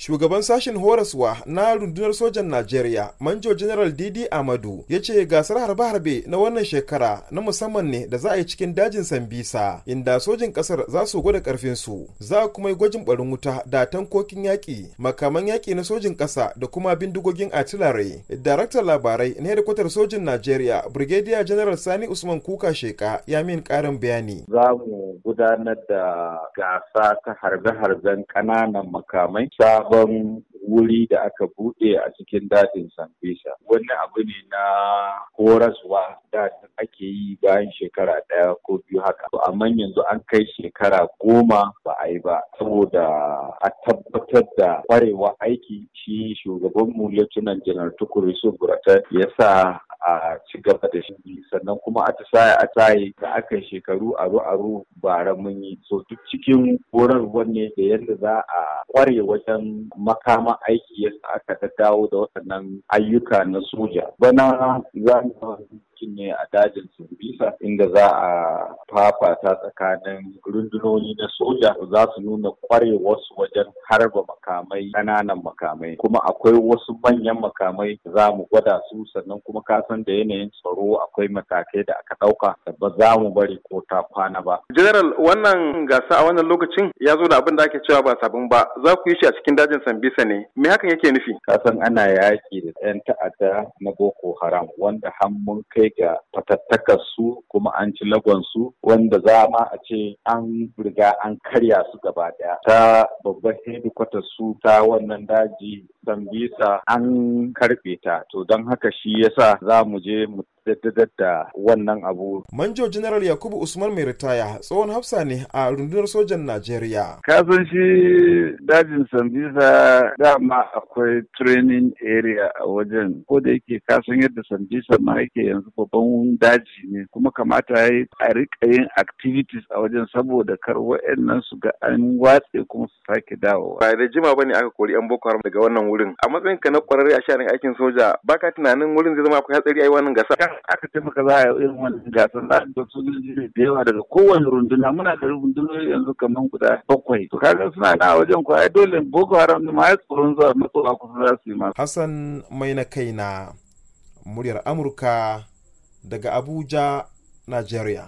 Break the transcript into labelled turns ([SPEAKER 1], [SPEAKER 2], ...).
[SPEAKER 1] shugaban sashen horaswa na rundunar sojan najeriya manjo general didi amadu ya ce gasar harbe-harbe na wannan shekara na musamman ne da za a yi cikin dajin sambisa inda sojin kasar za su gwada karfinsu za a kuma yi gwajin barin wuta da tankokin yaƙi makaman yaƙi na sojin ƙasa da kuma bindigogin artillery daraktan labarai na hedikwatar sojin najeriya brigadier general sani usman kuka sheka ya min ƙarin bayani
[SPEAKER 2] za mu gudanar da gasa ta harbe-harben ƙananan makamai sabon wuri da aka buɗe a cikin dajin Sanfesa. Wani abu ne na koraswa da ake yi bayan shekara ɗaya ko biyu haka. to Amma yanzu an kai shekara goma ba a yi ba saboda a tabbatar da kwarewa aiki shi shugabanmu Lieutenant General Tukuri Subura ya sa a ci gaba da shi sannan kuma a a tsaye da aka shekaru aro aro bara mun yi so duk cikin horar wanne da yadda za a kware wajen makaman aiki yadda aka dawo da waɗannan ayyuka na soja bana za mu lokacin ne a dajin Sumbisa inda za a fafata tsakanin rundunoni na soja za su nuna kwarewarsu wajen harba makamai ƙananan makamai kuma akwai wasu manyan makamai za mu gwada su sannan kuma kasan da yanayin tsaro akwai matakai da aka ɗauka da ba za mu bari ko ta kwana ba.
[SPEAKER 1] General wannan gasa a wannan lokacin ya zo da abin da ake cewa ba sabon ba za ku yi shi a cikin dajin
[SPEAKER 2] Sambisa ne me hakan yake nufi? Kasan ana yaƙi da 'yan ta'adda na Boko Haram wanda har mun kai rage su kuma an ci su wanda za ma a ce an riga an karya su gaba daya ta babbar hedikwatar su ta wannan daji Sambisa an karɓe ta. To don haka shi yasa za mu je mu da wannan abu.
[SPEAKER 1] Manjo General Yakubu Usman mai ritaya tsohon hafsa ne a rundunar sojan Najeriya.
[SPEAKER 2] Kasan shi dajin Sambisa dama akwai training area a wajen ko da yake kasan yadda Sambisa ma yake yanzu babban daji ne kuma kamata ya yi a rika yin activities a wajen saboda kar wa'annan su ga an watse kuma su sake dawowa.
[SPEAKER 1] Ba da jima ne aka kori
[SPEAKER 2] 'yan Boko Haram daga wannan wurin
[SPEAKER 1] a matsayin ka na kwararre a sharin aikin soja baka tunanin wurin zai zama akwai hatsari a yi
[SPEAKER 2] wannan gasa kan aka taimaka za a yi irin wannan gasa za a ga sojoji da yawa daga kowane runduna muna da rundunoni yanzu kamar guda bakwai to kaga suna na wajen kwaya dole boko haram da ma ya tsoron zuwa matsowa kusa za su yi ma.
[SPEAKER 1] hassan mai na kaina muryar amurka daga abuja Najeriya.